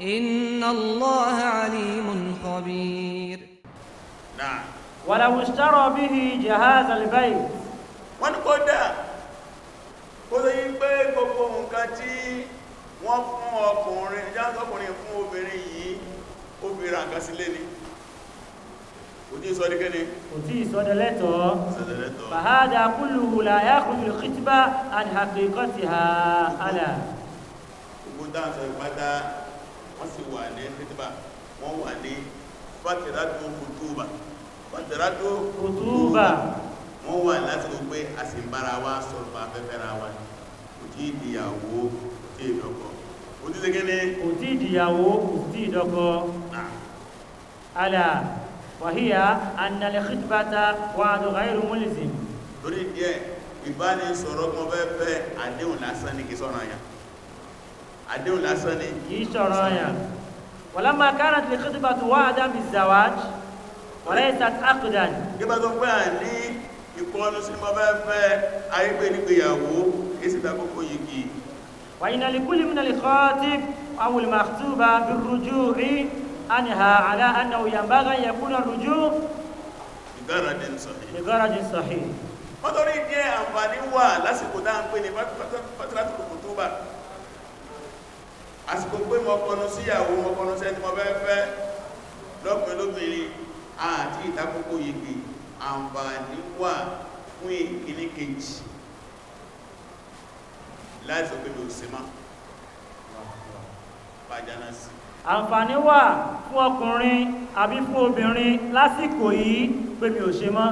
إن الله عليم خبير نعم ولو اشترى به جهاز البيت wọ́n ní kódà kó tó yí pé gbogbo nǹkan tí wọ́n fún ọkùnrin ìjásọ́kùnrin fún obìnrin yìí obìnrin àkà sílé ni kò tí ìsọ́dẹ́ kéde kò tí ìsọ́dẹ́ lẹ́tọ̀ọ́ fàhádà kúlù hùlà yákùnrin kìtìbá àdìhàkì kọ́ ti ha alà gbogbo dáńsọ̀ wọ́n sì wà ní fitba wọ́n wà ní fàtìrádó kùtùbà fàtìrádó kùtùbà wọ́n wà láti rò pé a sì ń bára wa sọ̀rọ̀ bá fẹ́fẹ́ ra wa kò tí ìdíyàwó kò tí ìdọ́kọ kò tí sẹ́gẹ́lẹ́ kò tí ìdíyàwó kò tí ìdọ́kọ wàhíyà annalẹ̀ khitbata wa'du ghayru mulzim lórí díẹ̀ ìbánisọ̀rọ̀ kan fẹ́fẹ́ àdéhùn lásán ní kí sọ́nà àdéhùn lásán ni kìí ṣọ̀rọ̀ ọ̀yàn wọ̀lámà kárà tí kìtìbà tó wá àdámi zawaj ọ̀rẹ́ ìsàt akudan gígbà tó pẹ́ à ní ìkọ́nù sí mọ́ fẹ́fẹ́ ayégbé nígbéyàwó èsì tàkókò yìí وإن لكل من الخاطب أو المخطوبة بالرجوع عنها على أنه ينبغي أن يكون الرجوع بغرض صحيح بغرض صحيح wọ́n torí díẹ̀ àǹfààní wà lásìkò dáa ń pè ní pátákó tó àsìkò pé mo kọnu síyàwó mo kọnu sẹ́ni mo fẹ́ fẹ́ lọ́kùnrin lóbìnrin àti ìtakókò yege àǹfààní wà fún ìkíní kejì láì sọ pé mi ò sí má pàjánà sí àǹfààní wà fún ọkùnrin àbí fún obìnrin lásìkò yìí pé mi ò ṣe mọ́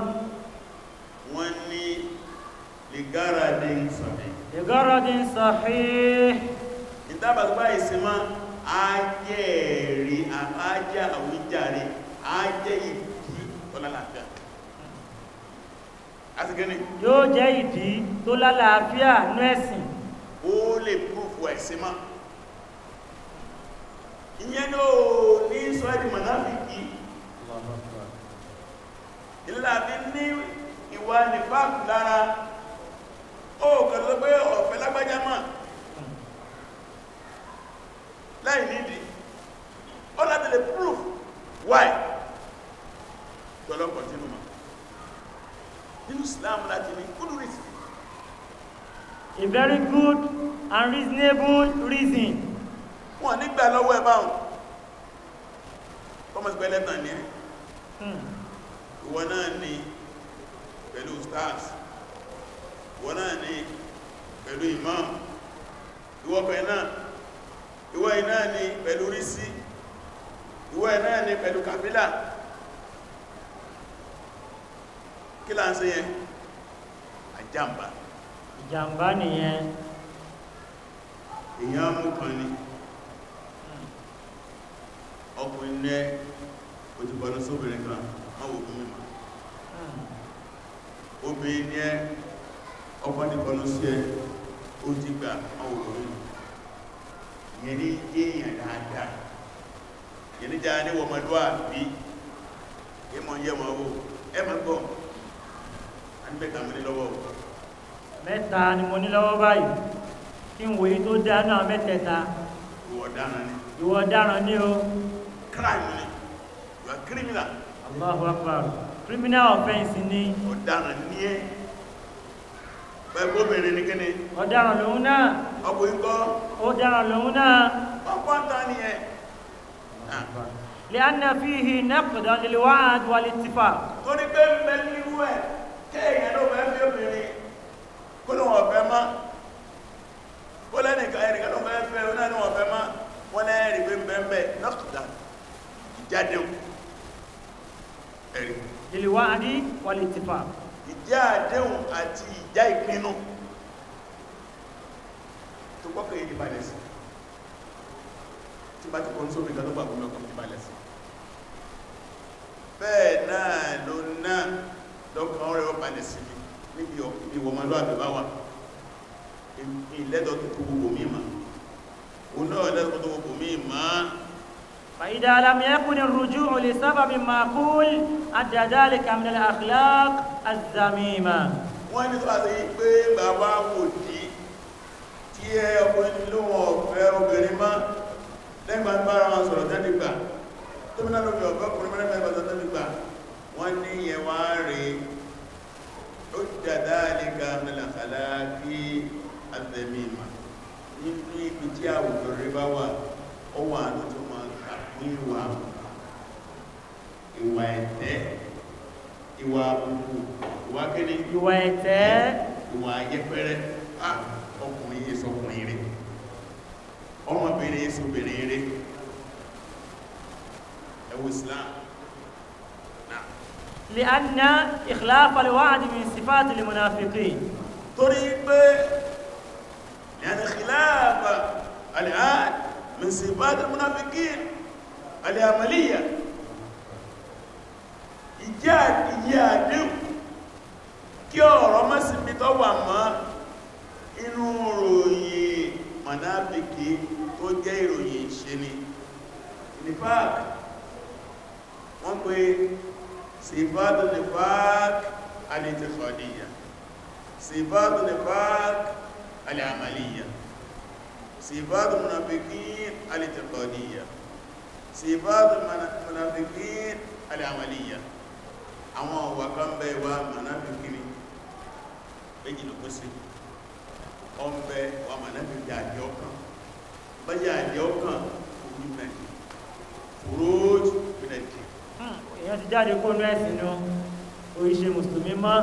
wọ́n ní lè gáradín sahih lè ìtàbàtúgbà ìsinmọ́ ajẹ́ ẹ̀rí ajẹ́ àwíjàre ajẹ́ ìdí tó lálàáfíà asìgẹ́ni yóò jẹ́ ìdí tó lálàáfíà ní ẹ̀sìn ó lè púrùfù ẹ̀sinmọ́ ìyẹn náà ní sọ ẹ̀dì mọ̀náfíkì ìlàbí ní ìwà nìfàkù lára ó kẹ̀lọ́gbé ọ̀fẹ́ lágbájá máa láì nídìí ó láti lè proof why tọ́lọ́pọ̀ tí nùmọ̀ nínú Islam láti ní kúrú reason a very good and reasonable reason wọ́n nígbà lọ́wọ́ ẹ báhùn thomas gbẹ́lẹ́tàn ní hmm. ìwọ náà ní pẹ̀lú stars ìwọ náà ní pẹ̀lú imam ìwọ pẹ̀lú náà ìwọ iná ni pẹ̀lú rísí ìwọ iná ni pẹ̀lú kàmílà kí là ń ṣe yẹn àjàmbá ìjàmbá nìyẹn èyàn mú ni ọkùnrin ní ojúbọ̀nà sóbìnrin kan máwò fún mímọ̀ hmm. obìnrin ní ọkùnrin bọ̀nà sí ẹ ó ti gbà máwò fún mímọ̀ yẹn ní èèyàn dáadáa yẹn ní dáa ní wọmọdúwà bí i mọ̀ yẹ mọ̀ owó ẹ mọ̀ gbọ́ a ní mẹ́ta mẹ́lẹ́ lọ́wọ́ mẹ́ta ni mo ní lọ́wọ́ báyìí kí n wòye tó dá náà mẹ́tẹ̀ẹ̀ta ìwọ ọ̀daràn ni o crime ni you are criminal Allahu Akbar criminal offense ni ọ̀daràn ni ẹ pẹ̀lú obìnrin ní kíni ọ̀daràn lòun náà ọkùnrin kọ́ ó dára lòun náà ọkọ̀ ń tán nìyẹn lẹ́yìn fíhì nẹ́kọ̀dá lílẹ̀ wá àdúrà lè ti fà. torí pé ń bẹ nírú kéèyàn ló fẹ́ fi obìnrin kó ló wọ̀n fẹ́ mọ́ kó lẹ́nìkan ẹ̀rìnkan ló fẹ́ fẹ́ oná ló wọ̀n fẹ́ mọ́ wọ́n lẹ́rìí pé ń bẹ ń ìjáde o ẹ̀rí. lílẹ̀ wá àdí wà lè ti fà. ìjà àdéhùn àti ìjà ìpinnu tó gbọ́kàn yìí balẹ̀ sí tí bá ti kọ́ ní sómi ìgbàlógbà mú lọ́kàn ti sí bẹ́ẹ̀ náà ló náà lọ́kàn rẹ̀ ó balẹ̀ sí níbi ìwọ̀mọlúwàbí bá wà ìlẹ́dọ̀ tó kó gbogbo mi mà òun náà lẹ́dọ̀ tó gbogbo mi mà فإذا لم يكن الرجوع لسبب معقول أدى ذلك من الأخلاق الذميمة wọ́n ní tó bá kí ẹ ọkùnrin ti ló wọn ọ̀fẹ́ obìnrin má lẹ́gbà ń bára wọn sọ̀rọ̀ tẹ́lẹ̀ gbà tó bí lálóbi ọ̀fẹ́ ọkùnrin mẹ́rẹ́mẹ́ ìbàtọ̀ tẹ́lẹ̀ gbà wọ́n ní yẹn wá rí ó dàdá àlíkà mẹ́làkàlá kí àtẹ̀mí nínú ibi tí àwùjọ rí bá wà ó wà ní tó máa kàkún ìwà ìwà ẹ̀tẹ́ ìwà àbùkù ìwà kéde ìwà ẹ̀tẹ́ ìwà ayẹpẹrẹ ah! ọkùnrin yìí sọkùnrin rẹ̀ ọmọbìnrin yìí sọbìnrin rẹ̀ ẹwọ islam لأن إخلاف الوعد من صفات المنافقين طريق لأن خلاف الآن من صفات المنافقين العملية إيجاد إيجاد كي أرمس بطوى ما inú ròyìn mọ̀nábìkì tó jẹ́ ìròyìn ìṣe ni nifak wọ́n pè sífàtù nifak alìtìkọ̀díyà sífàtù nifak alìamàlíyà sífàtù mọ̀nàbìkì alìtìkọ̀díyà sífàtù mọ̀nàbìkì alìamàlíyà àwọn ọ̀wà kan bẹ́ ìwà mọ̀nàbìkì ni méjìlókòsí ọ̀bẹ ọmọ náà fi àjẹ́ ọkàn báyà àjẹ́ ọkàn omi mẹ́ kúróòjì ìpínlẹ̀ dì. Hmm, èèyàn ti jáde kó nẹ́ẹ̀sì nu oríṣi mùsùlùmí mọ́.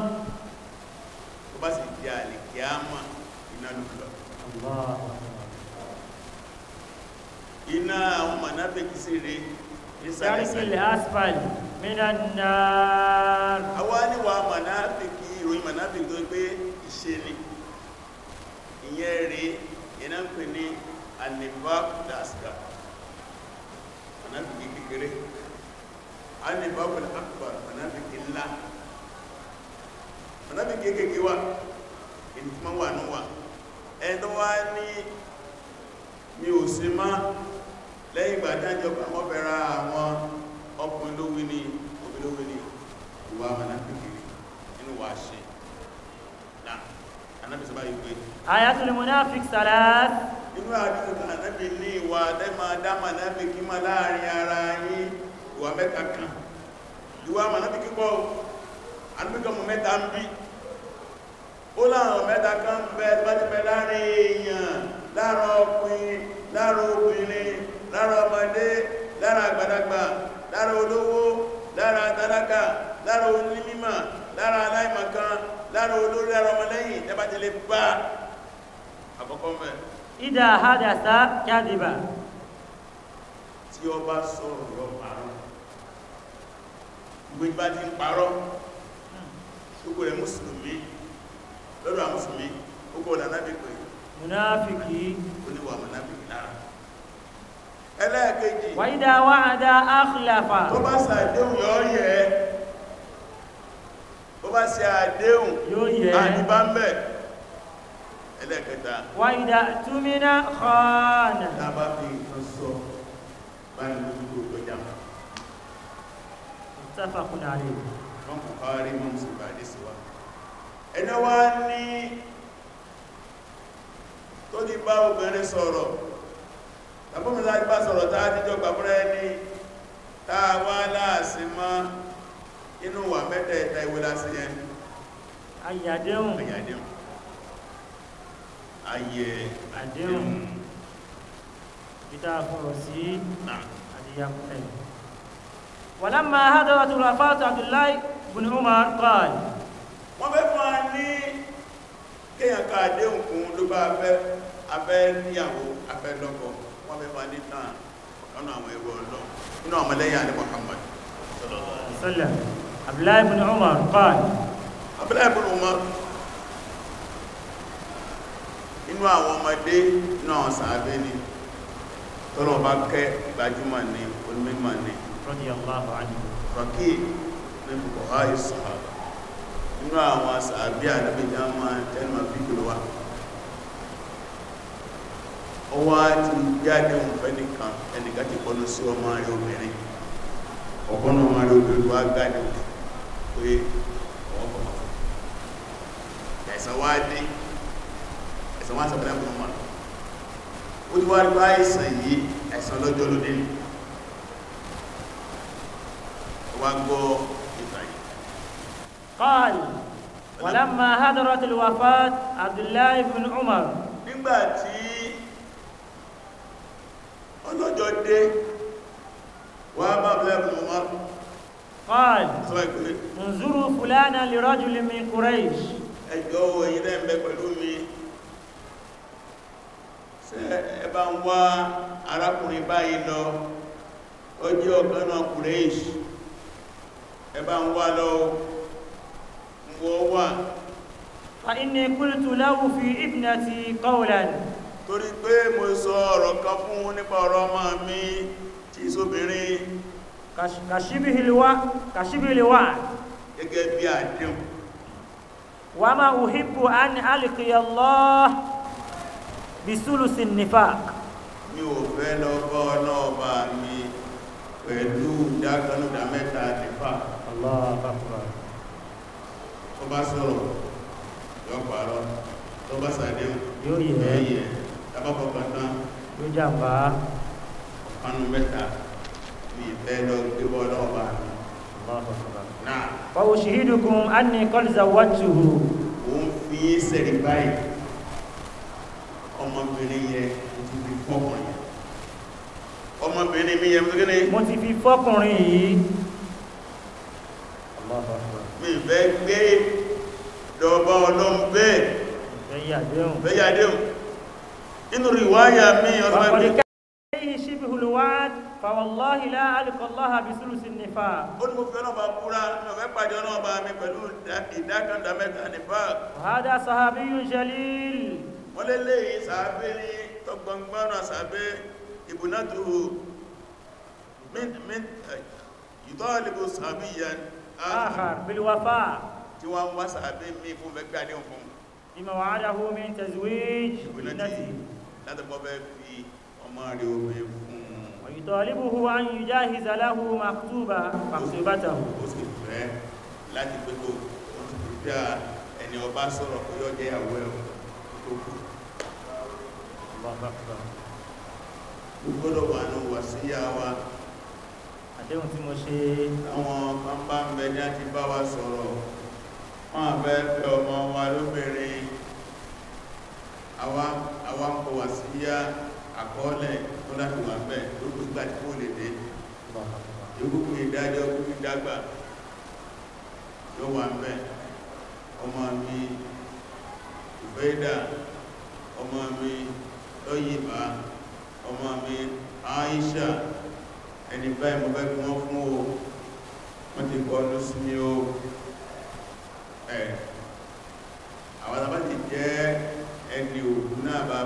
tó bá sì di àlè kí á mọ̀ iná ló lọ. iná àwọn mọ̀nàfẹ́kì sí rèé ìsàlẹ̀sílẹ̀ asphalt mìírànà àwọn àníwà mọ̀nàfẹ́kì ìròyìn mọ̀nàfẹ́kì tó ń pé ìṣe ìyẹn rí iná ń pè ní anibab daska anábìkì kékeré anibab akbar anábìkì ńlá anábìkì kékeré wa ìtumọ̀ wà ní wa ẹni wá ní mi ò sí má lẹ́yìn ìgbà dájọ́ àwọn bẹ̀rẹ̀ àwọn ọkùnrin lówí ní obìnrin lówí ní ìwà anábìkì nínú wa ṣe anábì sábà yìí pé ayatul munafiq salat inú àdúgbò anábì ní ìwà dẹ́mà dámà nábì kí má láàrin ara yín ìwà mẹ́ta kan ìwà mà nábì kíkọ́ anábìkọ́mù mẹ́ta ń bí ó láàrùn mẹ́ta kan bẹ bájúmẹ́ láàrin èèyàn láàrùn ọkùnrin láàrùn obìnrin láàrùn ọmọdé láàrùn àgbàlagbà láàrùn olówó láàrùn tálákà láàrùn onímímà láàrùn aláìmọ̀kan lára olórí lára ọmọlẹ́yìn lẹ́yìn ti lè àkọ́kọ́ mẹ́ ìdá àhádàsá kádìbà tí bá sọ̀rọ̀ yọ parọ́ gbogbo ìbá ti ń parọ́ gbogbo rẹ̀ mùsùlùmí lọ́dọ̀ àwọn mùsùlùmí gbogbo ọ̀nà oníwà lára ẹlẹ́ẹ̀kejì áhùlàfà tó bá sàdéhùn yọ yẹ ó bá ṣe àdéhùn àdìbá mẹ́ ẹlẹ́kẹta wà ìdá túnmínà ọ̀nà tàbá fi nǹkan sọ báyìí lójúkò gbọjá tàfàkùnà rẹ̀ wọ́n kò kọ́ rí mọ́ mùsùlùmí àdísíwá ẹni wá ní tó ní bá obìnrin sọ̀rọ̀ tàbí mi láti bá sọ̀rọ̀ tá a ti jọ gbàmúrẹ́ ní tá a wá láàsí inú wà mẹ́tẹ̀ẹ̀ta ìwé lásì yẹn ayàdéhùn ayàdéhùn ayẹ àdéhùn ìta àfọ̀rọ̀ sí àdíyàkùnlẹ̀ wàlámà hádọ́wà tó ràfáàtà Abdullahi bin Umar qal wọ́n fẹ́ fún a ní kéèyàn ká àdéhùn kún ló bá afẹ́ níyàwó afẹ́ lọ́kọ wọ́n fẹ́ fún a ní tàn ọ̀nà àwọn ẹgbẹ́ ọlọ́ inú àwọn ọmọlẹ́yìn àdé عبد الله بن عمر قال عبد الله بن عمر inú àwọn ọmọdé náà sàábé ni tọ́lọ̀ bá kẹ́ gbajúmọ̀ ní onímọ̀ ní radiyallahu anhu rọ̀kí ní bukọ̀há ìsọ̀hábà inú àwọn sàábé àdábíjá máa tẹ́lùmọ̀ fíkìlú wa ọwá ti jáde wọn fẹ́ nìkan ẹnìkan ti kọ́nu sí ọmọ rẹ̀ obìnrin ọmọ rẹ̀ obìnrin wa gbádùn pé ọwọ́ kọ̀ máa fún ẹ̀sán wá dé ẹ̀sán wá sàbẹ̀dá fún ọmọ ó ti wá rí bá ẹ̀sán yìí ẹ̀sán lọ́jọ́ ló délé wá gbọ́ ìtàn yìí قال ولما حضرت الوفاة عبد الله بن عمر nígbà tí ọlọ́jọ́ dé wá bá Abdullahi ibn Umar قال انظروا فلانا لرجل من قريش ẹjọ́ wo yìí rẹ̀ ń bẹ pẹ̀lú mi ṣe ẹ bá ń wá arákùnrin báyìí lọ ó jẹ́ ọ̀kan náà Quraysh ẹ bá ń wá lọ wọ́ wà fa inni qultu lahu fi ibnati qawlan torí pé mo sọ ọ̀rọ̀ kan fún nípa ọ̀rọ̀ ọmọ mi tí sóbìnrin kàṣíbìlìwà gẹ́gẹ́ bí àdéhùn wà máa uhibbu an alqiyallah bisulusin nifaq mi ò fẹ́ lọ bọ́ ọlọ́ọ̀bá mi pẹ̀lú ìdákanúdà mẹ́ta nifaq tó bá sọ̀rọ̀ yọ pààrọ̀ tó bá sàdéhùn yóò yẹ̀ ẹ̀yẹ̀ tàbápọ̀ pàtàkì yóò jàmbá ọ̀pánu mẹ́ta bí ìfẹ́ lọ gbé bọ́ náà bá mi. fa ushihidukum anni qad zawwajtuhu. òun fi yín sẹ̀rí báyìí ọmọbìnrin yẹn ti fi fọkùnrin ọmọbìnrin mi yẹn fi kíni. mo ti fi fọkùnrin yìí. mi fẹ́ gbé dọ̀bọ̀ ọlọ́run bẹ́ẹ̀. bẹ́ẹ̀ yàdéhùn. bẹ́ẹ̀ yàdéhùn. inú rìwáyà mi ọ̀sán wàláhi la alikọ́láha bisulusi nífà. ó ní mo fi ọlọ́ba búra ní ọ̀fẹ́ pàdé ọlọ́ba mi pẹ̀lú ìdákàndá mẹ́ta nífà. wàhádà sàhábí yun jalil. wọ́n lé léyìí sàábé ní tọgbọngbọ́nà sàábé ìbùnátò ìtọ́ọ̀lẹ́bù sàábí yẹn. آخر بالوفاء جوان وسعبي مي فون بك عليهم فون لما وعده من تزويج ابنتي لا تبقى في وما ريو ìtọ̀líbùhù an yujahiz lahu maktuba maktubatahu. ó sì fẹ́ láti pé kó wọ́n ti pèpè ẹni ọba sọ̀rọ̀ pé yọ jẹ́ ìyàwó ẹ̀ tó kù. gbogbo wà ní wàsíyà wa àdéhùn tí mo ṣe àwọn bàbá ń bẹ ní àti bá wa sọ̀rọ̀ wọ́n àbẹ́ fẹ́ ọmọ wa lóbìnrin àwọn kò wàsíyà àkọọ́lẹ̀ tó láti wà bẹ́ gbogbo ìgbà tí kó lè dé ìgbogbo ìdájọ́ gbogbo ìdágbà ló wà bẹ́ ọmọ mi ìbẹ́dà ọmọ mi lọ́yìnbá ọmọ mi Aisha ẹni báyìí mo bẹ́ kí wọ́n fún o wọ́n ti kọ́ ọdún sí mi o ẹ̀ àwọn tàbátì jẹ́ ẹni òògùn náà bá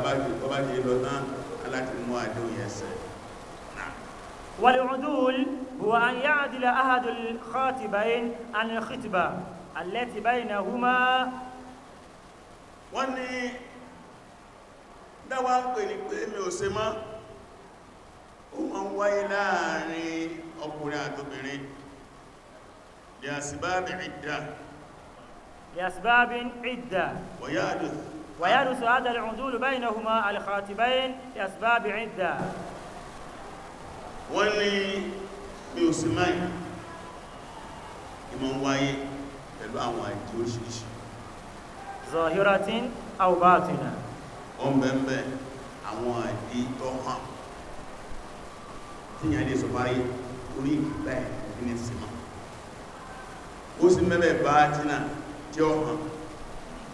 bá ti lọ náà والعدول هو أن يعدل أحد الخاطبين عن الخطبة التي بينهما واني دا وان بيني بيني وسما ومن ويلاني أقول هذا بيني لأسباب عدة لأسباب عدة ويحدث ويرث هذا العدول بينهما الخاتبين لأسباب عدة wọ́n ní mi ò sí máì ìmọ̀ ń wáyé pẹ̀lú àwọn àìdí oríṣiríṣi zọ̀híratín àwòbáàtìnà wọ́n bẹ̀m̀bẹ̀ àwọn àìdí tó hàn tí ìyàn ilé sọ báyé orí ìgbà ẹ̀ ní símá ó sì mẹ́bẹ̀ bá tínà tí ó hàn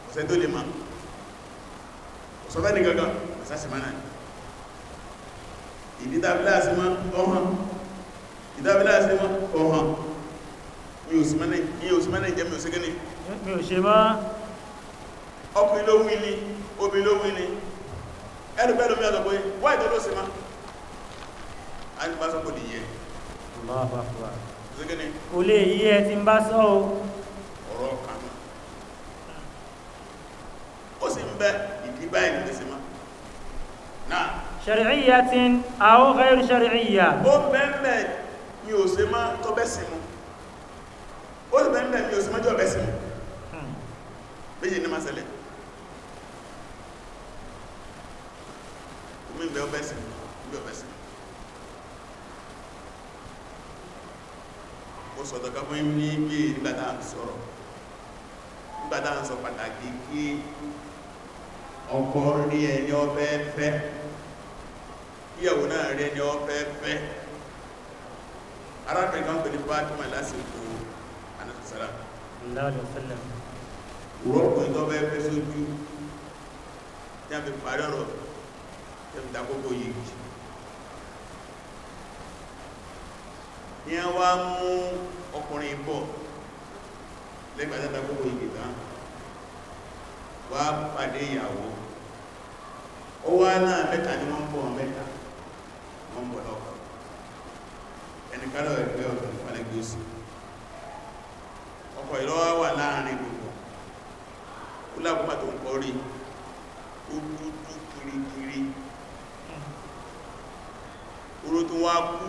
ọ̀sẹ̀ tó lè máa sọfẹ́ ní gangan àsásìmánà ìdí tábíláàsì mọ́ ọ̀hán ìdábíláàsì mọ́ ọ̀hán mi ò sí mẹ́nà ìjẹ́ mi ò sí gẹ́ni mi ò ṣe mọ́ ọkùnrin ló wí ni obi ló wí ni ẹnu bẹ́ẹ̀ lómi ọ̀dọ̀ pé wá ìtọ́ ló sì má a ti bá sọ́kò lè yẹ o lè yí ẹ ti ń bá sọ́ o ọ̀rọ̀ kan ó sì ń bẹ́ẹ̀ báyìí ní ṣe mọ́ náà ṣàrí'íyàtin aw ghayru ṣàrí'íyà ó bẹ́ẹ̀mẹ̀ mi ò ṣe mọ́ tó bẹ́sì mú ó bẹ́ẹ̀mẹ̀ mi ò ṣe mọ́ jọ bẹ́sì mú hmm. méjì ní máa ṣẹlẹ̀ omi ìgbẹ́ ọbẹ̀sì mú ìgbẹ́ ọbẹ̀sì mú ó sọ̀tọ̀ ká fún ní bí nígbàtà ń sọ̀rọ̀ nígbàtà ń sọ pàtàkì kí ọkọ rí ẹni ọfẹ́ fẹ́ ìyàwó náà rí ẹni ọfẹ́ fẹ́ arábìnrin kan pẹ̀lú Fatima lásìkò anasala rọ́pùn tó fẹ́ fẹ́ sójú tí a fi parí ọ̀rọ̀ tí a fi dákókò yìí ni a wá mú ọkùnrin bọ̀ lẹ́gbàá dákókò yìí tán wá pàdé ìyàwó ó wá náà mẹ́ta ni wọ́n bọ̀ mẹ́ta wọ́n bọ̀ lọ́kọ̀ ẹnikálọ̀ ẹgbẹ́ ọ̀dọ̀ ìpàlẹ̀ gbèsè ọkọ̀ ìlọ́wà wà láàrin gbogbo ó lágbà tó ń kọ́ ó dúdú kirikiri oró tó wá kú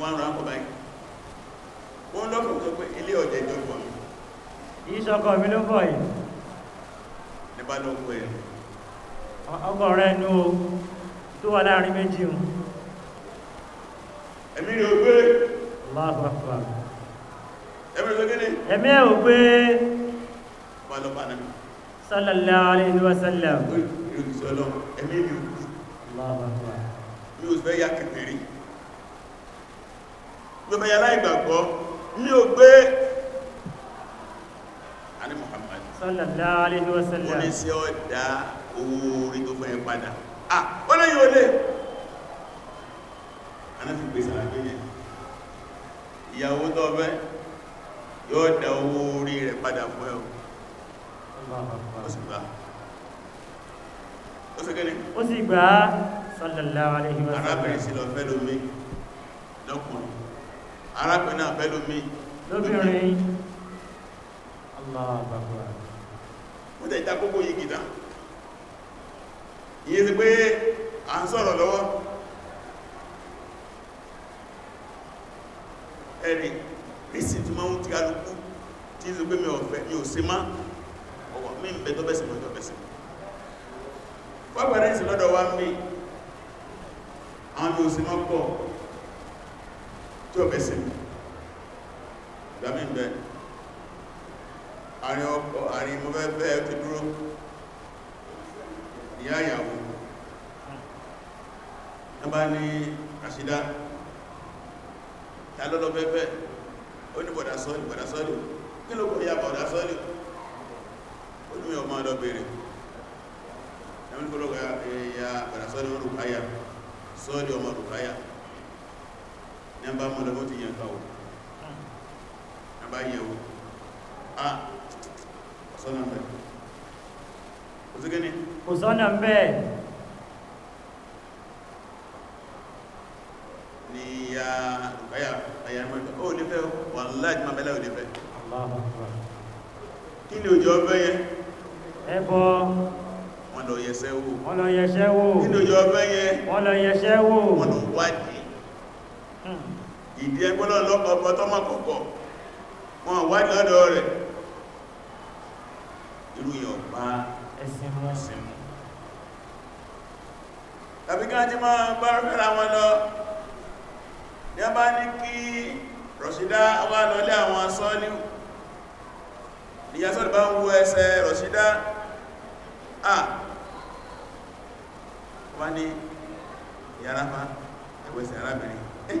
wọ́n rán wọ́n pé ilé ọ̀jẹ̀ ìjọba mi mi ló bọ̀ yìí ní bá lóko ẹ̀ rẹ̀ ní o tó wà láàrin méjì hùn ẹ̀mí rẹ̀ ò gbé aláàbàfà ẹ̀mí rẹ̀ gbé ẹ̀mí ẹ̀ ò gbé sallallahu alaihi wasallam ẹ̀mí rẹ̀ aláàbàfà mi ò fẹ́ ya kẹfẹ́ rí gbẹ̀mẹ̀yà láìgbàgbọ́ mi ò gbé sallallahu alaihi wasallam ó ní sí ọ̀dá owó orí tó fẹ́ padà ah ó lẹ́yìn olè anáfi pèsè àgbéyẹ ìyàwó tó fẹ́ yóò dá owó orí rẹ̀ padà fún ẹ̀ ó sì gbà ó sì gẹ́ni ó sì gbà sallallahu alaihi wasallam arábìnrin sí lọ fẹ́ lómi lọ́kùnrin arábìnrin náà fẹ́ lómi lóbìnrin Allah bàbá ó tẹ̀ ìdákókò yìí gìdá ìyẹ́ ti pé à ń sọ̀rọ̀ lọ́wọ́ ẹni rísì tí máa ń tí alùkú tí ń sọ pé mi ọ̀fẹ́ mi ò sí má ọwọ́ mi ń bẹ tó bẹ́sẹ̀ mọ́ tó bẹ́sẹ̀ wọ́n ìsìn lọ́dọ̀ ń bí àwọn mi ò pọ̀ tí ò ń bẹ́ẹ̀ àárín ọkọ àárín mo fẹ́ fẹ́ ti dúró ìyá ìyàwó wọ́n bá ní àṣídá ta lọ́lọ́ fẹ́fẹ́ ó ní bọ̀dá sọ́ọ̀lù bọ̀dá sọ́ọ̀lù kí ló kọ́ ya bọ̀dá sọ́ọ̀lù ó ní ọmọ ọdọ́ bèèrè ẹ̀mí kọ́ lọ́gbà ya bọ̀dá sọ́ọ̀lù rùkáyà sọ́ọ̀lù ọmọ rùkáyà ní a bá mọ́ lọ́gbọ́n ti yẹn kàwó a bá yẹ̀wò a ah, sọ́nà bẹ́ẹ̀ kò sí gẹ́ni kò sọ́nà bẹ́ẹ̀ ni ya àyà àyà mẹ́ta ó lè fẹ́ wà láì máa bẹ́lá òde fẹ́ kí ni òjò ọbẹ̀ yẹn ẹbọ wọ́n lọ yẹsẹ́ wò wọ́n lọ yẹsẹ́ wò kí ni òjò ọbẹ̀ yẹn wọ́n lọ yẹsẹ́ wò wọ́n lọ wádìí ìdí ẹgbọ́n lọ́pọ̀ ọ̀pọ̀ tọ́mọ̀ kọ̀kọ̀ wọ́n wádìí lọ́dọ̀ rẹ̀ bá ẹsìn mú sí mú tàbí kí wọ́n ti máa bá rọ́kẹ́ra wọn lọ ní a bá ní kí rọ̀ṣídá wà lọ́lẹ́ àwọn sọ́ọ́lì ìyásọ́lì bá ń wo ẹsẹ̀ rọ̀ṣídá à wọ́n ní ìyáráfá ẹgbẹ̀sẹ̀ arábìnrin eh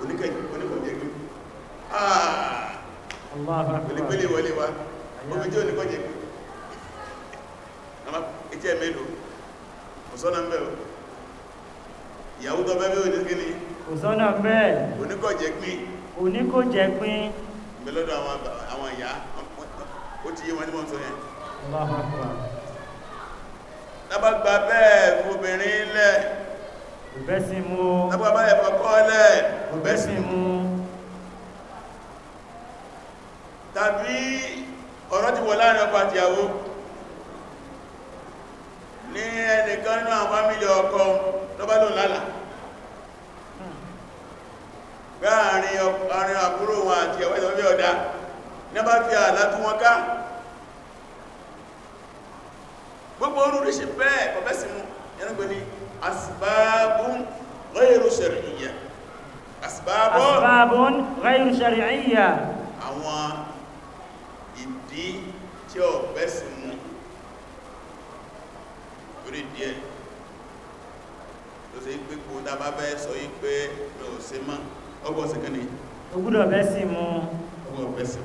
oníkọ̀jẹ̀gbẹ̀ etí ẹ̀ mélòó ọ̀sọ́nà ń bẹ̀ o ìyàwó tó bẹ́ mélòó ní kí ni ọ̀sọ́nà bẹ́ẹ̀ oníkọ̀ jẹ́ pín oníkọ̀ jẹ́ pín ìgbẹ́lọ́dọ̀ àwọn ìyá ó ti yé wọn ní mọ́ sọ yẹn lábàgbà bẹ́ẹ̀ obìnrin lẹ̀ òbẹ́sìn mú lábàgbà bẹ́ẹ̀ fọ́kọ́ lẹ̀ òbẹ́sìn mú tàbí ọ̀rọ̀ ti wọ̀ láàrin ọkọ àtìyàwó ní ẹnìkan nínú àwọn fámílì ọkọ lọ́bálò lálà gbáàrin ọkùnrin àbúrò wọn àti ẹ̀wọ́ ìlọ́bẹ̀ ọ̀dá ní bá fi àlá tún wọn ká gbogbo orúríṣì bẹ́ẹ̀ kọ̀bẹ́sì mú yẹnugbẹ́ ni asbábún ghayru shar'iyya asbábún ghayru shar'iyya àwọn ìdí tí ọ̀bẹ́sì mú torí díẹ̀ tó ṣe pé kó dábá bẹ́ sọ yí pé mi ò sí mọ́ ọgbọ̀ sí ni ogúdọ̀ bẹ́ sí ọgbọ̀ bẹ́ sí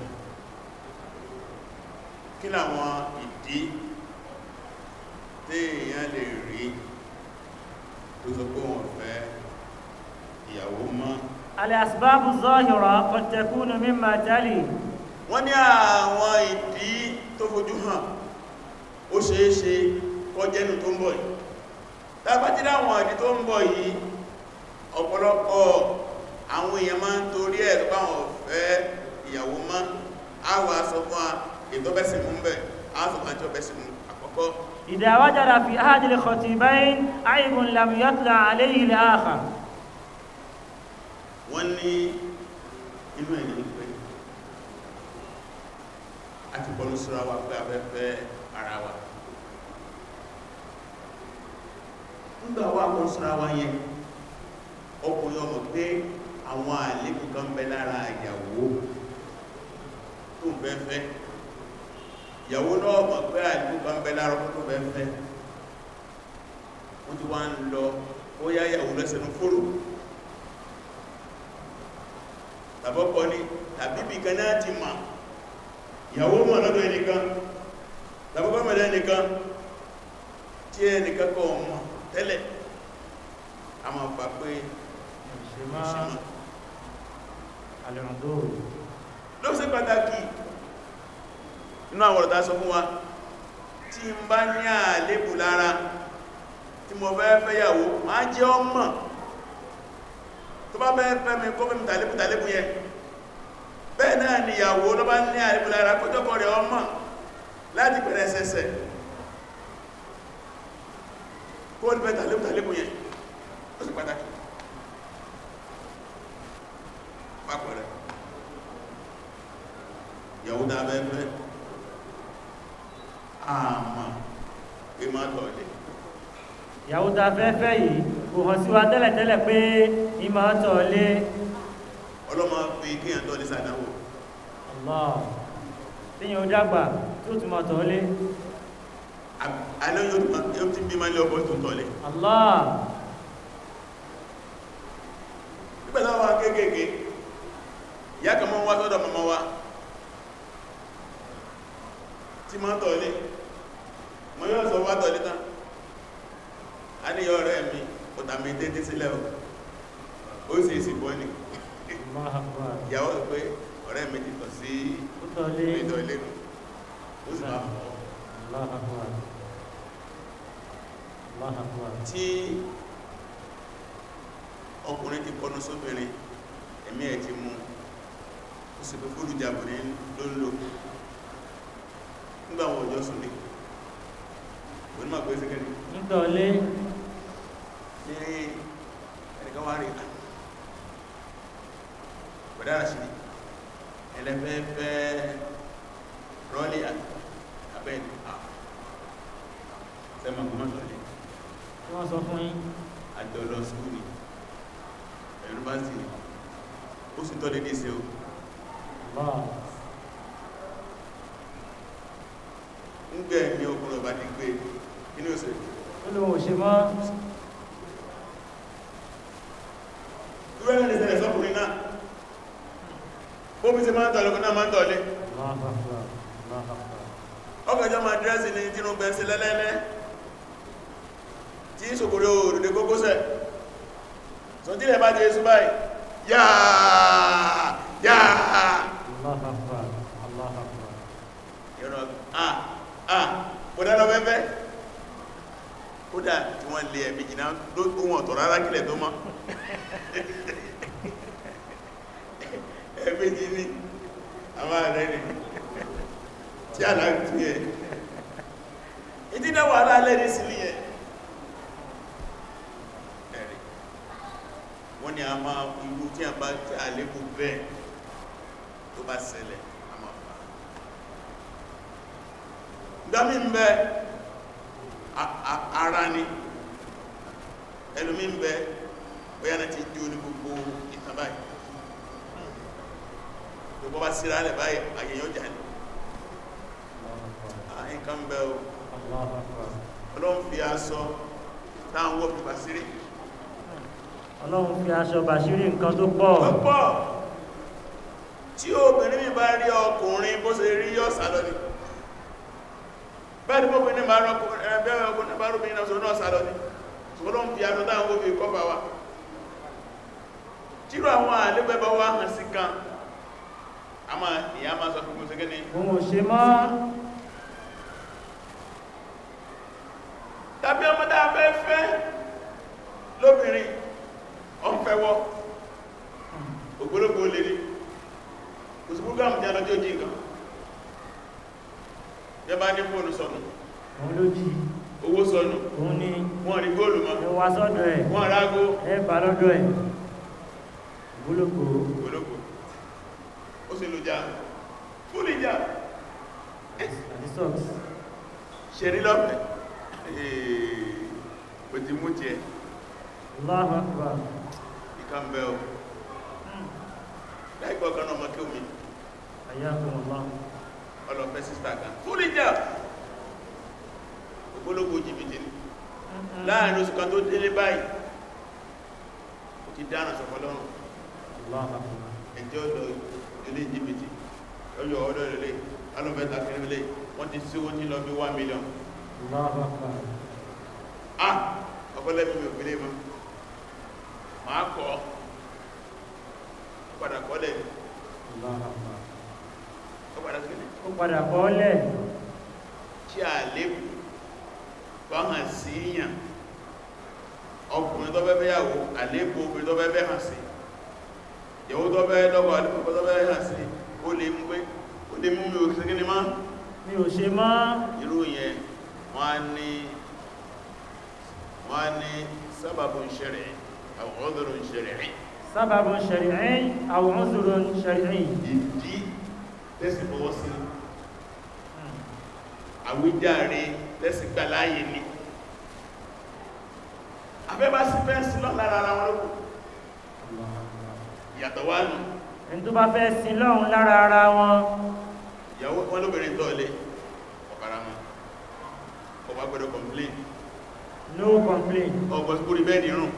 kí làwọn ìdí tí èèyàn lè rí tó sọ pé wọ́n fẹ́ ìyàwó mọ́ al-asbābu ẓ-ẓāhira qad takūnu mimmā wọ́n ní àwọn ìdí tó fojú hàn ó ṣeéṣe kọjẹ́nu tó ń bọ̀ yìí tàbátí láwọn ọ̀dí tó ń bọ̀ yìí ọ̀pọ̀lọpọ̀ àwọn èèyàn máa ń torí ẹ̀ ọ̀fẹ́ ìyàwó mọ́ àwọn aṣọ fún ìtọ́bẹ̀sì mú bẹ̀ aṣọ kan tí إذا وجد في أحد الخطيبين لم يطلع عليه الآخر wa pé afẹ́fẹ́ ara wa nígbà wà kọ́ síra wa yẹn ọkùnrin ọmọ pé àwọn àlékún kan bẹ lára ìyàwó tó ń bẹ́ fẹ́ ìyàwó náà mọ̀ pé àlékún kan bẹ lára ọkùnrin tó bẹ́ fẹ́ wọ́n ti wá ń lọ ó yá ìyàwó lọ́sẹ̀ ní fóró tàbọ́kọ́ ni tàbí bí kan náà ti mọ̀ ìyàwó mọ̀ lọ́dọ̀ ẹnìkan tàbọ́kọ́ mọ̀ lọ́dọ̀ ẹnìkan tí ẹnìkan kọ́ ọmọ tẹ́lẹ̀ a máa gbà pé ìṣẹ́mọ́ alẹ́rùndó ló ṣe pàtàkì inú àwọn ọ̀rọ̀ta sọ fún wa tí ń bá ní àlébù lára tí mo fẹ́ fẹ́yàwó má jẹ́ ọmọ tó bá bẹ́ fẹ́ mi kó fẹ́mi tàlébù tàlébù yẹn bẹ́ẹ̀ náà nìyàwó ló bá ní àlébù lára kójọ́kọ́ rẹ̀ ọmọ láti bẹ̀rẹ̀ sẹ́sẹ̀ kó o ní fẹ́ tàlébù tàlébù yẹn ó sì pàtàkì pápọ̀ rẹ̀ ìyàwó tá a fẹ́ fẹ́ àmà pé má lọ lè ìyàwó tá a fẹ́ fẹ́ yìí kò hàn sí wa tẹ́lẹ̀tẹ́lẹ̀ pé ìmọ̀ ọ̀tọ̀ lé ọlọ́mọ fi kéèyàn tọ́ ní sàdáwò Allah tíyàn ó dàgbà tó túnmọ̀ tọ́ lé alẹ́ yóò ti bí máa lé ọkọ̀ tó tọ́lẹ̀ Allah nígbàláwà kéèkéèké ìyá kan mọ́ wá sọ́dọ̀ mọ́mọ́ wá tí máa tọ́lẹ̀ mọ́ yóò sọ wá tọ́lẹ̀ tán a ní yọ rẹ̀ mi pọ̀tàmì dédé sílẹ̀ ó sì ìsìnkú ẹni ìyàwó pé ọ̀rẹ́ mi ti tọ̀ sí ìtọ̀lẹ́nu ó sì máa fọ́ tí ọkùnrin ti kọnu sóbìnrin ẹ̀mí ẹ̀ ti mú ó sì pé fólújàbò ní ló ń lò nígbà àwọn ọjọ́ sùn ní onímọ̀ pé sí kẹ́ni nígbà olé ní ẹnìkan wá rí pẹ̀lú àṣìlì ẹlẹ́fẹ́fẹ́ rọ́lẹ̀ àbẹ́ni sẹ́mọ̀ gbọ́mọ́sọ̀rọ̀ tí wọ́n sọ fún yín àjọ̀lọ skúlì ẹ̀rù bá sì ó sì tọ́lé ní ìṣẹ́ o ń gbẹ̀ ní ọkùnrin ọba ní gbé inú òṣèlú nínú òṣè mọ́ ìrẹ́lẹ̀ ìṣẹ̀lẹ̀ sọ́kùnrin náà bó bí ti máa ń tọ̀lọ́kùn náà máa ń tọ̀lé ọkọ̀ ìjọ máa dírẹ́sì ní tínú bẹ̀ẹ́sì lẹ́lẹ́lẹ́ sòkòrò òdòdó kókósẹ̀ tó tí lẹ bá jẹ́ ṣú báyìí yáà yáà ìrọ̀ ah ah kódà lọ fẹ́fẹ́ kódà tí wọ́n lè ẹ̀mí jìnà lóògùn ọ̀tọ̀ rárá kílẹ̀ tó mọ́ ẹ̀mí jìnì àwọn ààrẹ ni tí àlàáfíì ìdínà wà láàlẹ́ ní sílẹ̀ wọ́n ní a máa irú tí a bá tí a lè kó bẹ́ẹ̀ tó bá ṣẹlẹ̀ a máa fà ìdámí ń bẹ ara ni ẹlòmí ń bẹ bóyá náà ti jó ní gbogbo ìtàn báyìí gbogbo bá síra rẹ̀ báyìí àyẹ̀yàn jà ní nǹkan bẹ o ọlọ́run fi aṣọ táwọn wọ́pù bá sírí ọlọ́run fi aṣọ bàṣírí nǹkan tó pọ̀ púpọ̀ tí obìnrin mi bá rí ọkùnrin bó ṣe rí yọ́ sálọ́dì bẹ́ẹ̀ ni bóbi ní bàárọ̀ ẹgbẹ́ ọkùnrin bá rúbi náà sọ́nà sálọ́dì ṣùgbọ́n fi aṣọ dáhùn bóbi kọfà wa tírò àwọn àlébẹ́bẹ́ wá hàn sí kan a máa ìyá máa sọ fún gbogbo ṣẹ́gẹ́ ni òun ò ṣe mọ́ tàbí ọmọdé abẹ́fẹ́ lóbìnrin wọ́ ògbólógbò olè rí kò sí púrógámù tí a lọ́jọ́ jí nǹkan jẹba owó sọnụ òun ni wọ́n rí góòlù mọ́ ẹwà sọ́dọ̀ ẹ̀ wọ́n rágó ẹ̀bà lọ́dọ̀ ẹ̀ ògbólógbò ògbólógbò ó sì lò já fúlì já ṣẹ̀rí lọ́pẹ̀ òtí mú tiẹ̀ campbell láìpẹ́ hmm. ọ̀kan náà mọ́kí omi ọlọ́pẹ́ sísta kan tó o jà ògbólógbò jìbìtì ni láàrin oṣù kan tó délé báyìí ó ti dára sọ̀pọ̀ lọ́rùn ẹjọ́ lọ ilé jìbìtì ọjọ́ ọdọ́ ilé alọ́bẹ̀ta kẹrẹlẹ wọ́n ti sí wọ́n ti lọ bí 1 million ah ọ̀pọ̀lẹ́bí mi ò fi lè mọ́ máa kọ́ ó padà kọ́lẹ̀ ó padà kọ́lẹ̀ tí a lè bá hàn sí yàn ọkùnrin tó bẹ́bẹ́ yàwó àlébò obìnrin tó bẹ́bẹ́ hàn sí ìyàwó tó bẹ́ẹ̀ lọ́wọ́ àlébò tó bẹ́ẹ̀ hàn sí ó lè mú pé ó lè mú mi ò sí kíní máa mi ò ṣe máa irú yẹn wọ́n á ní sábàbù ń أو عذر شرعي سبب شرعي أو عذر شرعي ìdí tẹ́sí fọwọ́ sí àwíjàre tẹ́sí gbà láàyè ni abẹ́bá sí fẹ́ sí lọ lára ara wọn lókù ìyàtọ̀ wà nù ẹni tó bá fẹ́ sí lọ́hun lára ara wọn ìyàwó wọn lóbìnrin tọ́ọ̀lẹ̀ ọ̀pára wọn ọba gbọ́dọ̀ complain no complain ọgbọ̀n kúrì bẹ́ẹ̀ ni rùn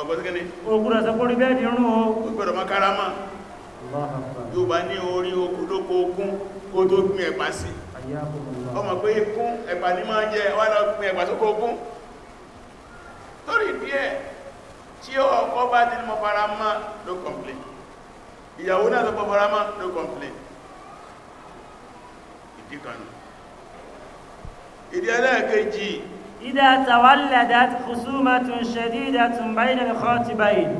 ọgbọ́n kíni ogúnrọ̀ sọpọ̀rí o gbọ́dọ̀ karama yóò bá ní orí okòlókò okún kó tó gbin ẹ̀pà sí ọmọ pé ikún ẹ̀pà ní máa jẹ wà lọ gbin ẹ̀pà sókò okún torí díẹ̀ tí ọkọ bá complain ìyàwó náà lọ́pọ̀ farama ló complain ìdí kanu ìdí ẹlẹ́ẹ̀kejì إذا تولدت خصومة شديدة بين الخاطبين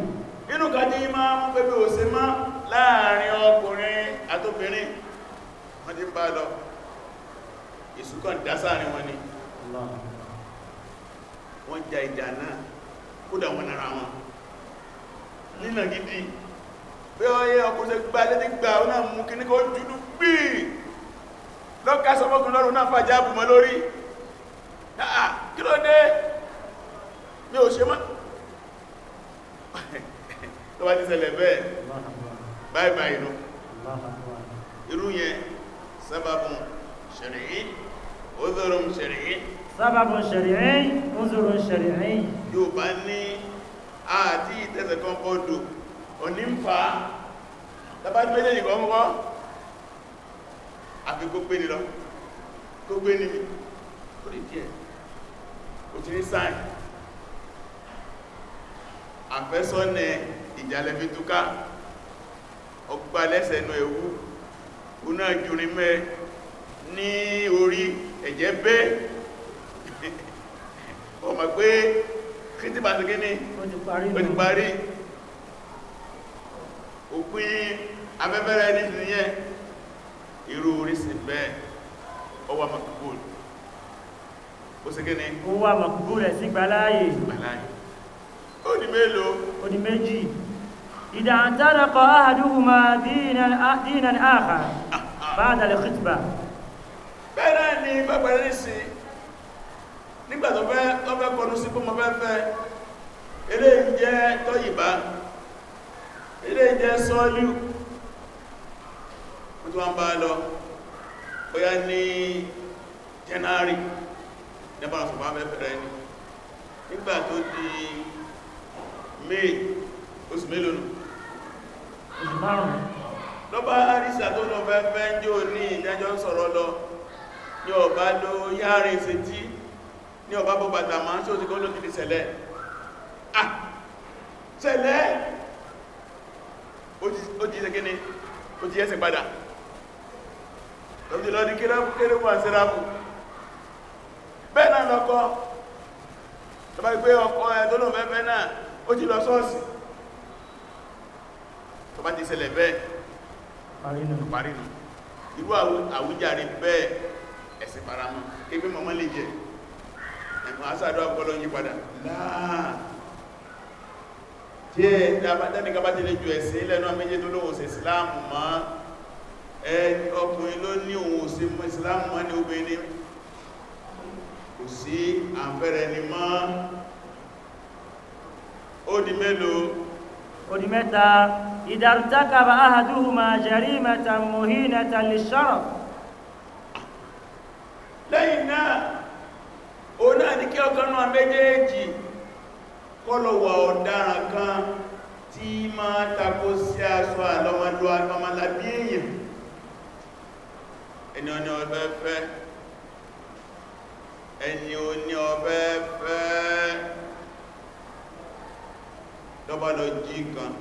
inú kan tí máa mú pé bí ò sí mọ́ láàrin ọkùnrin àtòbìnrin wọ́n ti ń bá lọ ìsúkàn dásáàrin wọn ni wọ́n ja ìjà náà kódà wọn nara wọn nínà gidi bí ó yẹ ọkùnrin gba létí gba ó náà mú kí ní kó dúdú gbìí lọ́kà sọmọkùnrin lọ́rùn náà fàjá bùmọ́ lórí Ah, kí ló dé mi ò ṣe mọ́ tó bá ti ṣẹlẹ̀ bẹ́ẹ̀ báyìí báyìí nù irú yẹn sábàbùn ṣẹ̀rìí uzurun ṣẹ̀rìí sábàbùn ṣẹ̀rìí uzurun ṣẹ̀rìí yóò bá ní àti ìtẹ́sẹ̀ kan bọ́dù òní ń fa tàbátí méjèèjì kan mọ́ àfi kó gbé ní lọ kó gbé ní mi kó lè díẹ̀ o ti ní sáì àfẹ́sọ́nà ìjàlẹ̀ fi túká ọgbà lẹ́sẹ̀ ẹnu ewu ó náà jùrin mẹ́ ní orí ẹ̀jẹ̀ bẹ́ o mọ̀ pé kìtìbà ti gíní ó ti parí òpin afẹ́fẹ́rẹ́ ní ìyẹn irú orí sí bẹ́ẹ̀ ọwà mọ̀kúkúrù ó sì gíní ó wà mọ̀kúgbó rẹ̀ sí gbàláyè ó di mélòó ó di méjì ìdá àtàràkọ̀ áhàdúhùmá dínà àhà bá dàlẹ̀ kìtìbà bẹ́ẹ̀rẹ̀ ni bẹ́gbẹ̀rẹ̀ nìsí nígbà tó fẹ́ ń bá lọ bóyá ní January nípa àsùnmọ́ abẹ́fẹ́rẹ́ ni nígbà tó di may oṣù mélòó nù oṣù márùn-ún lọ́bá àrísà tó lọ fẹ́fẹ́ jò ní ìdájọ́ ń sọ̀rọ̀ lọ ní ọba ló yára ẹsẹ̀ tí ní ọba bọ̀ bàtà máa ń ṣe òsìkọ́ ló kìí ṣẹlẹ̀ ah ṣẹlẹ̀ ó ti ṣe kíni ó ti yẹ́sìn padà lọ́dí lọ́dí kéré wà síráàpù bẹ́ẹ̀ náà lọ́kọ́ tó bá gbé ọkọ ẹ tó lò fẹ́fẹ́ náà ó ti lọ sọ́ọ̀sì tó bá ti ṣẹlẹ̀ bẹ́ẹ̀ parínú irú àwújáre bẹ́ẹ̀ ẹ̀sìn paramọ́ ebí mọ́mọ́ lè jẹ ẹ̀kùn àṣàdọ́ ọpọlọ yí padà láàá tí ẹ̀ dábátẹ́nìká bá ti lè ju ẹ̀sìn ilẹ̀nà méjì tó lówó sí ìsìláàmù mọ́ ọkùnrin ló ní òun sí ìsìláàmù mọ́ ní obìnrin kò sí àfẹ́rẹ́ ni mọ́ ó di mélòó ó di mẹ́ta ìdàrútákàbà áhàdúhùmà jẹ̀rí mẹ́ta mọ̀hínẹta lè ṣọ́rọ̀ lẹ́yìn náà o náà ní kí ọkàn náà méjèèjì kọlọ̀wà ọ̀daràn kan tí máa takó sí aṣọ àlọ́mọlúwà ọmọlábí èèyàn ẹni ọ̀nà ẹni o ní ọbẹ̀ fẹ́ lọ́bá lọ jí kan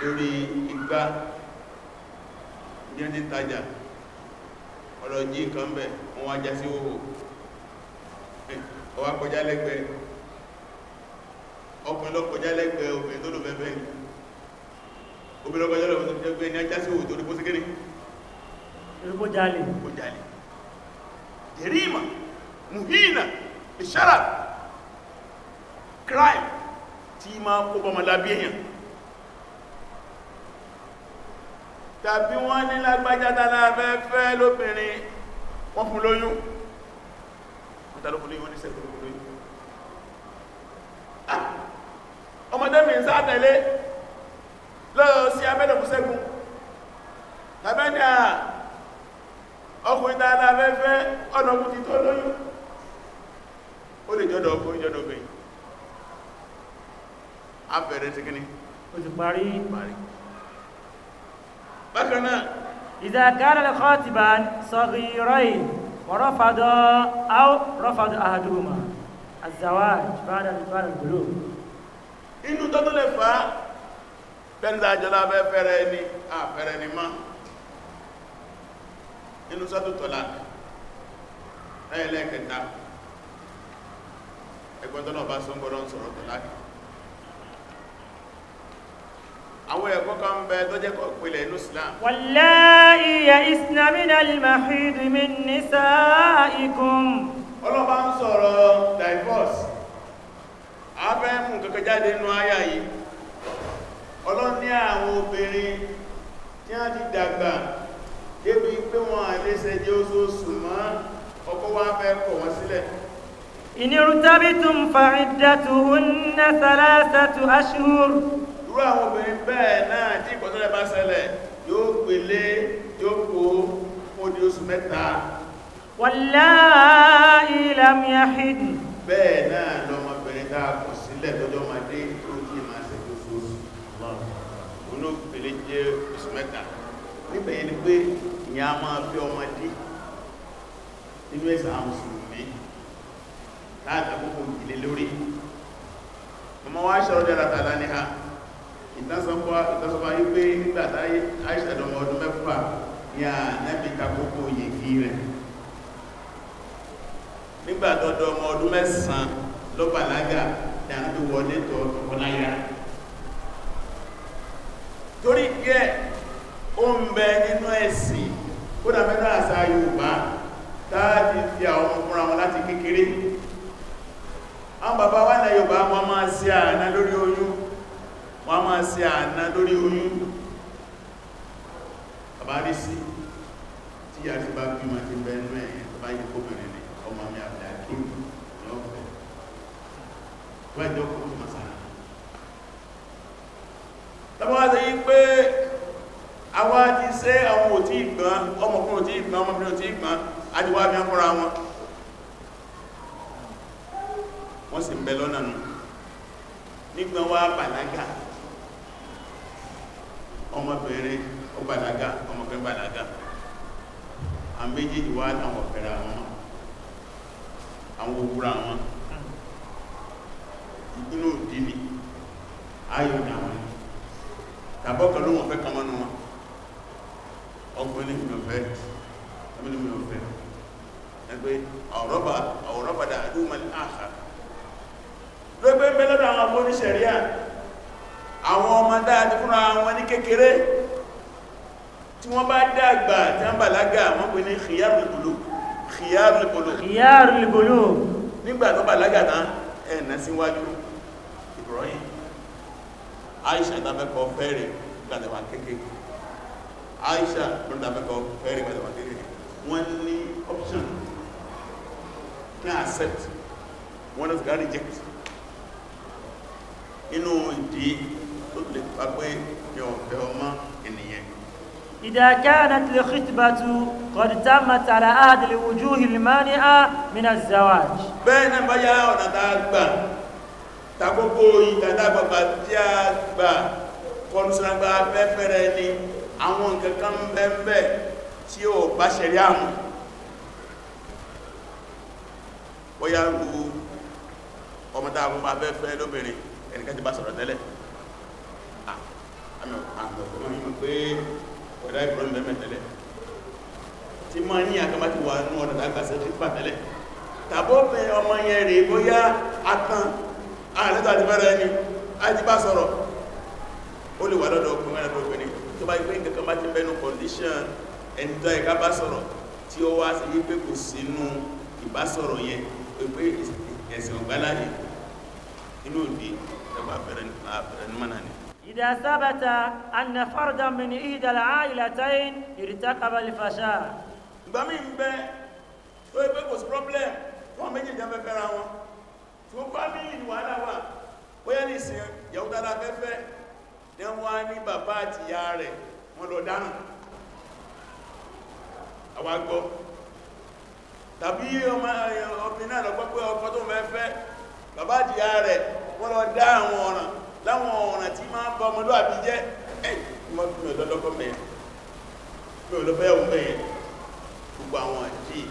lórí igbá ní ẹni tajà ọ̀rọ̀ jí kan bẹ̀ wọ́n wá já sí owó ọwá kọjá lẹ́gbẹ̀ẹ́ ọkùnrin lọ kọjá lẹ́gbẹ̀ẹ́ obìnrin tó lò fẹ́fẹ́ obìnrin lọ kọjá lọ́wọ́ tó jẹ́ owó tó rí bó sí kéré rí jálè جريمة مهينة للشرف كرايم تيما أوباما لابيين tàbí wọ́n ní lágbájá dára fẹ́fẹ́ lóbìnrin wọ́n fún lóyún wọ́n tàbí lóyún wọ́n ní sẹ́kùn lóyún ọmọdé mi ń sáàtẹ̀lé lọ́ọ̀ sí abẹ́lẹ̀kùn sẹ́kùn tàbí ah, ní à ọkùnrin dáadáa fẹ́fẹ́ ọ̀nà ọkùnrin ti tó lóyún ó lè jọ́dọ̀ ọkùnrin jọ́dọ̀ obìnrin abẹ̀rẹ̀ ti kíní ó ti parí parí bákanáà idha kana al-khatiban saghirayn wa rafada aw rafada ahaduhuma az-zawaj ba'da nínú sọ́tò tọ́lá ẹ̀lẹ́kẹta ẹgbọ́n tọ́lá ọba sọ́gbọ́rọ̀ sọ̀rọ̀ tọ́lá àwọn ẹ̀kọ́ kan bẹ tó jẹ́ kọ́ ìpìlẹ̀ inú Islam wallahi ya'isna minal mahidi min nisaikum ọlọ́ba ń sọ̀rọ̀ divorce abẹ́ mú kẹ́kẹ́ jáde inú ayá yìí ọlọ́ní àwọn obìnrin tí wọ́n ti dàgbà débi pé wọn àlẹ́sẹ̀ jẹ́ oṣooṣù mọ́ ọkọ wá fẹ́ kọ̀ wọ́n sílẹ̀ in irtabtum fa'iddatuhunna thalathatu ashhur irú àwọn obìnrin bẹ́ẹ̀ náà tí ìkọ̀tọ́lẹ̀ bá ṣẹlẹ̀ yóò gbélé yóò kó ó di oṣù mẹ́ta wallahi lam yahid bẹ́ẹ̀ náà lọmọbìnrin tá a kọ sílẹ̀ lọ́jọ́ máa dé tó ni pé ìyá máa fi ọmọdé nínú ẹ̀sà àwọn mùsùlùmí láàtàkókò ìlé lórí ọmọ wa ṣọ́rọ̀ dára tààlá ní ha ìtànsọ́pá wípé nígbàtà àìṣẹ̀dọ̀mọ̀ ọdún mẹ́fà ní ànẹ́bì kàkókò yìí rẹ̀ nígbàtọ̀dọ̀ ọmọ ọdún mẹ́sàn ló bàlágà dàbí wọlé tọ́ ọ̀láyà torí díẹ̀ ó ń bẹ nínú ẹ̀sìn kódà mẹ́ta àṣà Yorùbá táàdì fi àwọn ọmọkùnrin wọn láti kékeré àwọn bàbá wà ní Yorùbá wọ́n máa ṣe àná lórí oyún wọ́n máa ṣe àná lórí oyún bàbá rí sí tí a ti bá bí máa ti bẹ́ẹ̀nú ẹ̀yẹn tó bá yí kóbìnrin ní ọmọ mi àbẹ̀ àkíyàn lọ́pẹ̀ àwa ti sẹ́ àwọn òtí ìgbọ́n ọmọkùnrin òtí ìgbọ́n ọmọbìnrin òtí ìgbọ́n àdíwá bí wọ́n fọ́ra wọn wọ́n sì ń bẹ lọ́nà nù nígbọ́n wá balaga ọmọbìnrin ó balaga ọmọbìnrin àwọn ni àwọn ló wọ́n fẹ́ wọn ọkùnrin ní ìfẹ́ ẹgbẹ́ ní ìfẹ́ ẹgbẹ́ ọ̀rọ̀bàdà àdúmọ̀lì àhà lọ́gbẹ́ ń bẹ lọ́dọ̀ àwọn ọmọ oníṣẹ̀ríà àwọn ọmọ dáadé fúnra wọn ní kékeré tí wọ́n bá dàgbà tí wọ́n bàlágà wọ́n pè ní khiyarul bulugh nígbà tó bàlágà tán ẹ̀nà síwájú Ibrahim Aisha tàbẹ́kọ̀ fẹ́rẹ̀ gbàdẹ̀wà kékeré aisha ló ń da mẹ́kọ̀ọ́ fẹ́ẹ́ rí mẹ́tọ́ àti rí wọ́n ní option can accept wọ́n ní can reject inú ìdí tó lè pa pé mi ò fẹ́ ọmọ ènìyàn. إذا كانت الخطبة قد تمت على أحد الوجوه المانعة من الزواج. بين بيا ونتاكبا تابوكو يتابع باتيا با كونسرا با بفرني àwọn nǹkan kan bẹ́ẹ̀bẹ́ tí ó bá ṣẹ̀rí àmù bóyá rú ọmọ tá àwọn máa bẹ́ẹ̀ fẹ́ lóbìnrin ẹnìkan ti bá sọ̀rọ̀ tẹ́lẹ̀ tí mọ́ ní àkàmá ti wà ní ọ̀nà àgbàṣẹ́ tí pà tẹ́lẹ̀ tàbó bẹ ọmọ yẹn rèé bóyá atán àrẹ́ta àti bẹ́rẹ̀ ẹni a ti bá sọ̀rọ̀ ó lè wà lọ́dọ̀ ọkùnrin àti obìnrin tó bá gbé nǹkan bá ti bẹ́nu condition ẹni tó ẹ̀ká bá sọ̀rọ̀ tí ó wá sí wípé kò sínú ìbásọ̀rọ̀ yẹn pé ẹ̀sìn ọ̀gbáláyé inú òde ẹgbà bẹ̀rẹ̀ ní mọ́nà ni. إذا ثبت أن فردا من إحدى العائلتين ارتكب الفحشاء. ìgbà mi ń bẹ ó yẹ pé kò sí problem wọn méjèèjì afẹ́ fẹ́ra wọn tí wọ́n bá ní ìwàhálà ní wọ́n ní bàbá àti ìyá rẹ̀ wọ́n lọ dánù àwa gbọ́ tàbí ọmọ ọbìn náà lọ́gbọ́ pé ọkọ tó mẹ́fẹ́ bàbá àti ìyá rẹ̀ wọ́n lọ dá àwọn ọ̀ràn láwọn ọ̀ràn tí máa ń bọ ọmọlúwàbí jẹ́ ẹ̀ wọ́n fi mẹ́lọ lọ́kọ́ mẹ́yẹn mi ò lọ́fẹ́ ọ̀hún mẹ́yẹn gbogbo àwọn ìdí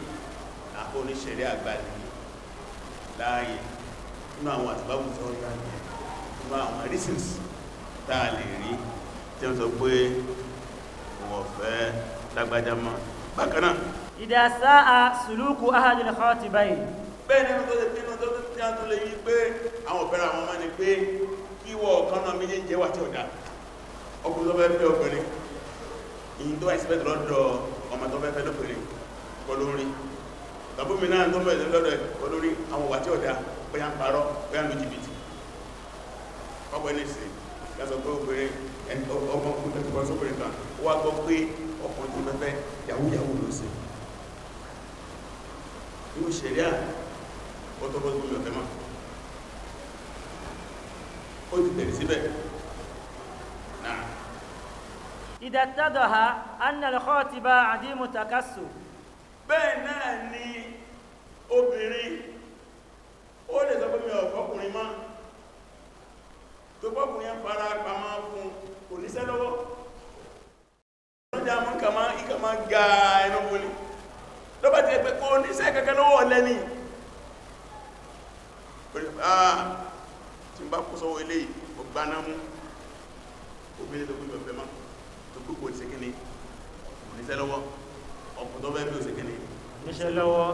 oníṣẹ̀rí àgbàlẹ̀ láàyè nínú àwọn táà lè rí tí wọ́n sọ pé wọ́n fẹ́ lágbájá mọ́ bákan náà ìdásá a sùlúkù ahàdìlẹ̀ kọ́ọ̀tì báyìí bẹ́ẹ̀ nínú tó ti nínú tó ti tí a tó lè yí pé àwọn ọ̀bẹ̀rẹ̀ àwọn ọmọ ni pé kí wọ́n ọ̀kan náà méjèèjì jẹ́ wà tí ọ̀dà ọkùnrin tó fẹ́ fẹ́ obìnrin ìyìn tó àìsípẹ́tì lọ́dọ̀ ọmọ tó fẹ́ fẹ́ lóbìnrin olórin tàbí náà tó fẹ́ lọ́dọ̀ olórin àwọn wà tí ọ̀dà bóyá ń parọ́ bóyá ń lu jìbìtì ọgbẹ́ni sí yàtọ̀ pé obìnrin ẹni ọmọ ọkùnrin tó kọ́ sóbìnrin kan ó wá gbọ́ pé ọkùnrin tó fẹ́fẹ́ yahoo yahoo ló ṣe inú ìṣẹ̀lẹ̀ à ó tọ́ bọ́sí gbogbo ọ̀tẹ́ mọ́ ó ti tẹ̀lé síbẹ̀ náà. ìdàtàdọ̀ha annalkọ́ ti bá àdìmú takasso. bẹ́ẹ̀ náà ni obìnrin ó lè sọ pé mi ò fọkùnrin mọ́ tó gbọ́kùnrin yẹn fara pamọ́ fún kò níṣẹ́ lọ́wọ́ lọ́jà mú kàmá ìkàmá ga ẹnu wọlé ló bá ti pẹ́ kó níṣẹ́ kankan lọ́wọ́ lẹ́ni ah, tí n bá kó sọ́wọ́ eléyìí ó gbaná mú obìnrin tó gbé bẹ̀bẹ̀ mọ́ tó gbé kò níṣẹ́ kíni kò níṣẹ́ lọ́wọ́ ọkùn tó bẹ́ẹ̀ bí ó ṣe kíni lọ́wọ́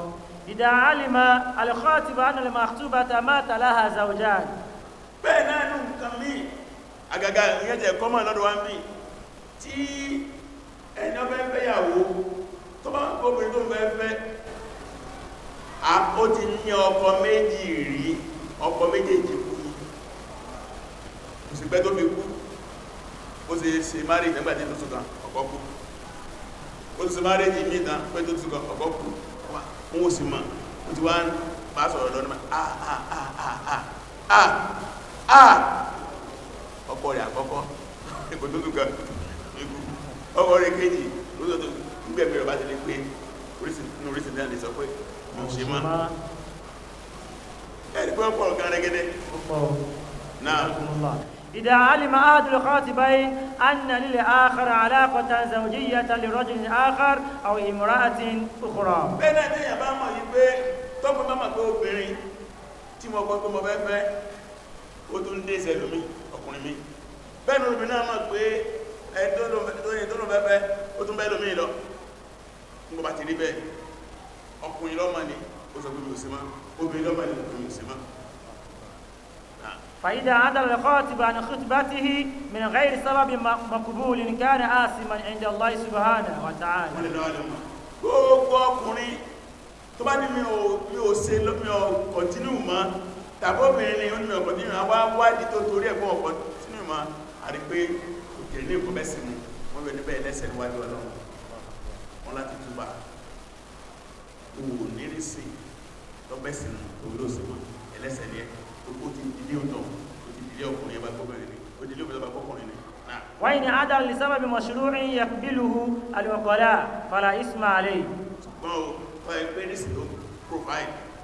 ìdá alìmọ̀ alìkọ́ ti bá nà lè mọ̀ àkútúbà tàmátà láhà zàwùjáàdì bẹ́ẹ̀ náà nù nǹkan míì àgàgà ìyẹn jẹ́ kọ́mọ̀ lọ́dọ̀ wá ń bí tí ẹni ọbẹ̀ fẹ́ yàwó tó bá obìnrin tó fẹ́ fẹ́ ó ti ní ọkọ méjì rí ọkọ méjèèjì kú kò sí pẹ́ tó fi kú ó sì ṣe márì nígbàtí tó sùn kan ọkọ kú ó sì ṣe márì ní ìmìta pẹ́ tó sùn kan ọkọ kú wọn ò sì mọ̀ ó ti wá ń bá sọ̀rọ̀ lọ́nà a ah! ọkọ rẹ̀ àkọ́kọ́ kò tó tún kan ikú ọkọ rẹ̀ kejì ó tó tó gbẹ̀mí rẹ̀ bá ti lè pé nínú orísìí náà lè sọ pé mo ṣe mọ́ ẹni pé ọ̀pọ̀ ọ̀gá rẹ̀gẹ́dẹ́ náà إذا علم أحد الخاطبين أن للآخر علاقة زوجية لرجل آخر أو امرأة أخرى. bẹ́ẹ̀ náà ní ìyàbá mọ̀ yìí pé tọ́pọ̀ mọ́mọ́ pé obìnrin tí mo ó tó dé ìṣẹ́ lómi ọkùnrin mi bẹ́ẹ̀ ni olùmí náà pé ẹ̀dọ́nà ó tún bẹ́ẹ̀ lómi lọ nígbà bá ti rí bẹ́ẹ̀ ọkùnrin lọ́mọ ni ó sọ pé mi ò sí mọ́ obìnrin lọ́mọ ni mi ò sí mọ́ فإذا عدل الخاطب عن خطبته من غير سبب مقبول كان آثما عند الله سبحانه وتعالى gbogbo ọkùnrin tó bá ní mi ò mi tàbí obìnrin ni ó ní ọ̀pọ̀ nínú àwọn wádìí tó torí ẹ̀gbọ́n ọ̀pọ̀ sínú ìmọ̀ àrí pé òkè ní ìkọ́ bẹ́sẹ̀ mu wọ́n yọ níbẹ̀ ẹlẹ́sẹ̀ níwájú ọlọ́run wọn láti túbà òwò nírìsì lọ́bẹ̀sẹ̀ mu òwúrọ̀sẹ̀ ẹlẹ́sẹ̀ ni ẹ ó ti dilé ọ̀dọ̀ ó ti dilé ọkùnrin ẹ̀bá gbọ́bìnrin ni ó dilé obìnrin ẹ̀bá gbọ́kùnrin ni. wáyé ni adam lè sábà bí mọ̀ṣúrúrì yẹ bílùú alùpàdà fara ismaili. ṣùgbọ́n o wáyé pé nísìnyí ó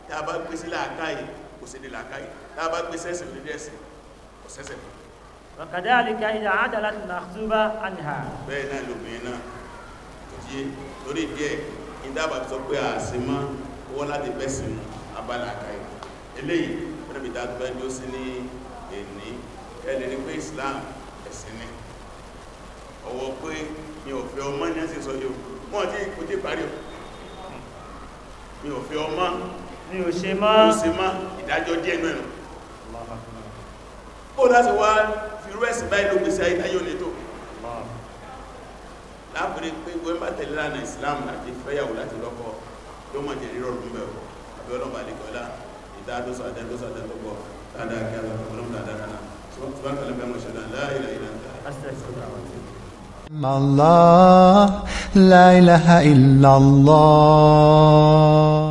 tá a bá gbé sílẹ̀ àkáyè kò sí ní làákàyè tá a bá gbé sẹ́sìn lórí ẹ̀sìn kò sẹ́sìn fún. wàkàdáàlìkà ìdá àdàlà ti nà túbà àníhà. bẹ́ẹ̀ náà lóbìnrin náà kò yé torí ìdí ẹ̀ ìdábà sọ pé àṣì mọ́ owó láti bẹ́ sí mu abala àkàyè eléyìí wọ́n níbi ìdádúgbà ẹjọ́ sí ní èní ẹni ní pé Islam ẹ̀sìn ni ọwọ́ pé mi ò fẹ́ ọmọ ní ẹ̀sìn sọ yóò o mi ò mi ò ṣe má ìdájọ́ díẹ̀ náà nù ó láti wá fi rẹ́sì báyìí ló gbèsè ayé òní tó láàpẹẹrẹ pé wọ́n bá tẹ̀lé lánà Islam láti fẹ́yàwó láti lọ́kọ yóò mọ̀ jẹ́ rírọ̀ bẹ̀rù àbí ọlọ́mọ àlekọ́lá ìdá tó sọ Allah, la ilaha illallah.